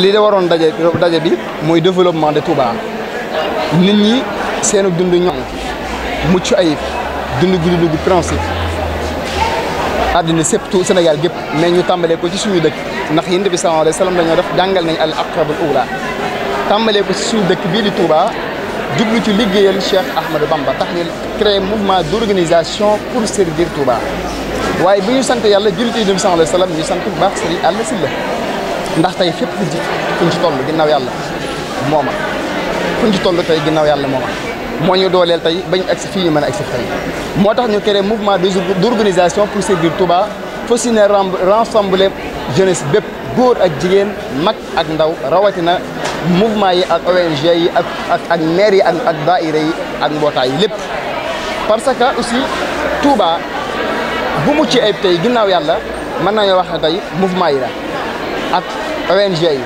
li de waroon daje bi mooy développement de Touba nit ñi seenu dund ñoom mucc ay dund gu dund gu principe àddina sépp tout Sénégal gépp mais ñu tàmbalee ko ci suñu dëkk ndax yéen bi sallallahu alayhi dañoo def jàngal nañ al aqrabul ula tàmbalee ko ci suñu dëkk bii di Touba jublu ci liggéeyal Cheikh Ahmadou Bamba tax ñu créé mouvement d'organisation pour servir Touba waaye bu ñu sant yàlla jullit yi dem sallallahu alayhi wasallam ñu sant bu baax Serigne Alla Sylla ndax tey fépp fu ci fuñ ci toll ginnaaw yàlla mooma ma fuñ ci toll tey ginnaaw yàlla moo moo ñu dooleel tey bañ agsi fii ñu man a agsi tey moo tax ñu créé mouvement d'organisation pour servir Touba fas yéene rassembler jeunesse bépp góor ak jigéen mag ak ndaw rawatina mouvement yi ak ONG yi ak ak ak maire yi ak ak daayira ak mbootaay yi lépp parce que aussi Touba bu mucci ay tey ginnaaw yàlla mën nañoo wax ne tey mouvement yi la ak ONG yi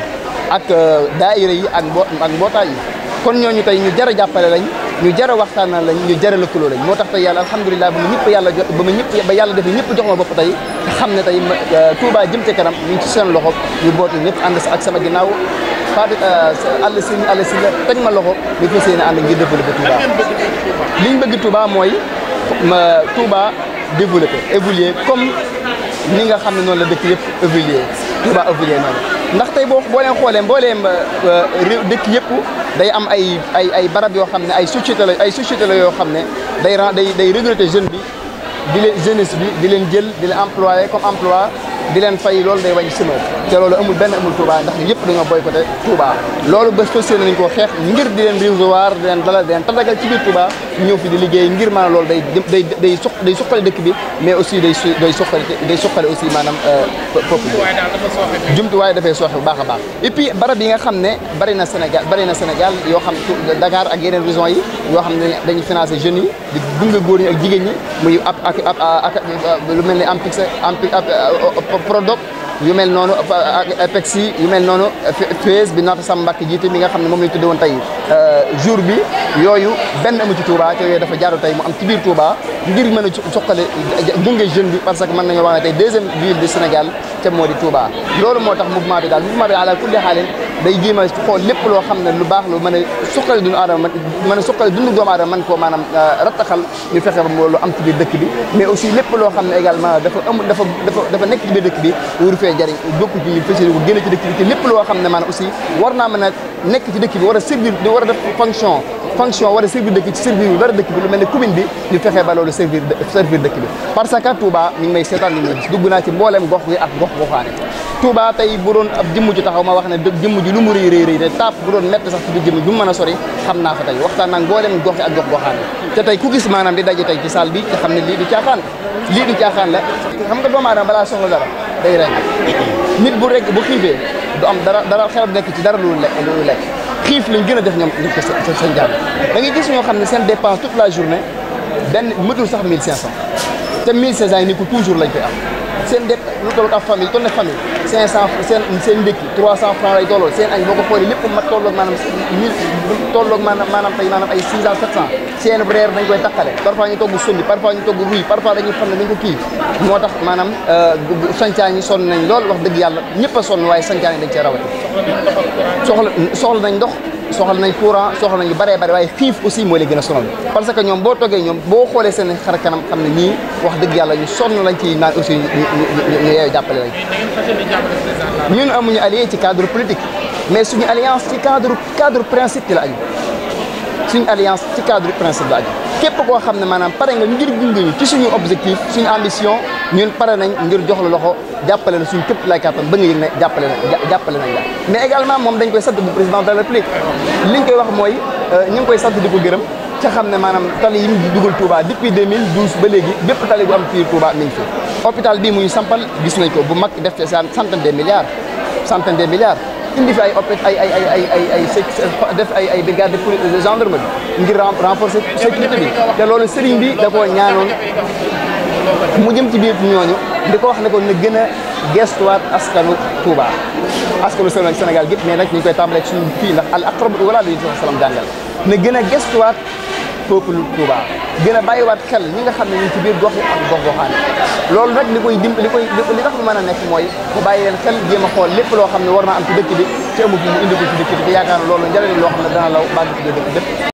ak euh, daayira yi ak mbo ak mbootaay yi kon ñooñu tey ñu jar a jàppale lañ ñu jar a waxtaanal lañ ñu jar a lëkkaloo lañ moo tax tey yàlla alhamdulilah ba ma ñëpp yàlla jot ba ma ñëpp ba yàlla def ñëpp jox ma bopp tey xam ne tey euh, Touba jëm ca kanam ñu ngi ci seen loxo ñu bootu ñëpp ànd ak sama ginnaaw Fatou àll si àll si la teg ma loxo ñu fas yéene ànd ngir développé Touba liñ bëgg Touba mooy ma Touba évoluer ni nga xam ne noonu la dëkk yëpp évolué Touba évolué noonu ndax tey boo boo leen xoolee mbooleem euh, réew dëkk yëpp day am ay ay ay barab yoo xam ne ay société la ay société la yoo xam ne day day day recruter jeune bi di leen jeunesse bi di leen jël di leen employé comme emploi di leen fay loolu day wàññi chômeur te loolu amul benn amul Touba ndax ñu yëpp dañoo boycotté Touba loolu bés fas yéene nañ ko xeex ngir di leen recevoir di leen dalal di leen tatagal ci fi di liggéey ngir maanaam loolu day day day suq day suqali dëkk bi mais aussi day su day suqali day suqali aussi maanaam euh, peuple bi jumtuwaay dafay sooxe bu baax a baax et puis barab nga xam ne bari na Sénégal bari na Sénégal yoo xam Dakar ak yeneen régions yi yoo xam ne dañuy financé jeunes yi di gunge góor ñi ak jigéen ñi muy ak ak mel ni am Prodoc yu mel noonu ak APEX yi yu mel noonu FES bi naata Sam Mbàkke jiite mi nga xam ne moom la ñu tuddee woon tey euh, jour bi yooyu benn amu ci te yooyu dafa jaaru tey mu am ci biir ngir mën a soqale gunge jeune bi parce que mën nañoo wax ne tey deuxième ville du Sénégal te moo di Touba loolu tax mouvement bi daal mouvement bi daal kulli xaalin day jéem a xool lépp loo xam ne lu baax lu mën a suqali dund aadama mën a suqali dund doomu aadama mën koo maanaam euh, rattaxal ñu fexe ba loolu am ci biir bi mais aussi lépp loo xam ne également dafa amul dafa dafa dafa nekk ci biir dëkk bi wuru fee jariñ bokku ci ñu fas ci dëkk bi te lépp loo xam ne maanaam aussi war naa mën nekk ci dëkk bi war a a def fonction fonction war a servir dëkk ci servir bi dara dëkk bi lu mel ne commune bi ñu fexee ba loolu servir dëkk bi parce que Touba may seetaan dugg naa ci mbooleem gox yi ak gox goxaane Touba tey bu doon ab jëmm taxaw ma wax ne jëmm ji lu mu rëy rëy rëy te taap bu doon métti sax ci jëmm ju mu mën a sori xam naa fa tey waxtaan naa mbooleem gox yi ak gox tey ku gis maanaam di daje tey ci salle bi te xam ne lii du caaxaan lii du caaxaan la xam nga doomu aadama balaa soxla dara day rey nit bu du am dara dara xel nekk ci dara lu lu lekk xiif lañ a def ñoom def ko seen jàmm da ngay gis ñoo xam ne seen dépense toute la journée benn mëtul sax 1500 te 1500 yi ko toujours lañ koy seen def lu toll ak famille toll na famille cinq cent seen seen ndékki trois cent francs lay tollool seen añ boo ko xoolee lépp mat tolloog maanaam mille tolloog maanaam maanaam tey maanaam six cent sept cent seen reer dañ koy takkale parfois ñu togg sundi parfois ñu togg ruy parfois dañuy xam ne dañ ko kii moo tax maanaam euh, sancaan yi lool wax dëgg yàlla ñëpp a sonn waaye sancaan yi dañ cee rawati soxla soxla nañ ndox soxla nañ courant soxla nañu bare bare waaye xiif aussi moo lay gën a sonal parce que ñoom boo toggee ñoom boo xoolee seen xar kanam xam ne ñii wax dëgg yàlla ñu sonn lañ ci naan aussi ñu yeeyu jàppale lañ ñun amuñu allié ci cadre politique mais suñu alliance ci cadre cadre principe la aju suñu alliance ci cadre principe la képp koo xam ne maanaam pare nga ngir gunge ñu ci suñu objectif suñu ambition ñun pare nañ ngir jox la loxo jàppale la suñu képp lay kàttan ba nga yëg jàppale jàppale nañ la mais également moom dañ koy sant bu président de la république li ñu koy wax mooy euh, ñu ngi koy sant di ko gërëm ca xam ne maanaam tali yi mu dugal Touba depuis 2012 ba léegi bépp tali bu am fii Touba mi ngi fi hôpital bii muy sampal gis nañ ko bu mag def ci centaine de milliards centaine de milliards indi fi ay opét ay ay ay ay ay euh, def ay ay brigade de gendarmerie ngir renforcer sécurité bi te loolu sëriñ bi da koo ñaanoon mu jëm ci biir ñooñu di ko wax ne ko na gën a gestuwaat askanu Touba askanu Sénégal gépp mais nag ñu koy tàmbalee ci suñu fii ndax al aqrab wala lu ñu salaam jàngal na gën a gestuwaat peuple Touba gën a bàyyiwaat xel ñi nga xam ne ñu ci biir gox yi ak gox goxaan loolu nag li koy dim li koy li tax mu mën a nekk mooy mu bàyyi leen xel jéem xool lépp loo xam ne war naa am ci dëkk bi ci amu fi mu indi ko ci dëkk bi yaakaar na loolu njëriñ loo xam ne dana law bàgg ci biir dëkk bépp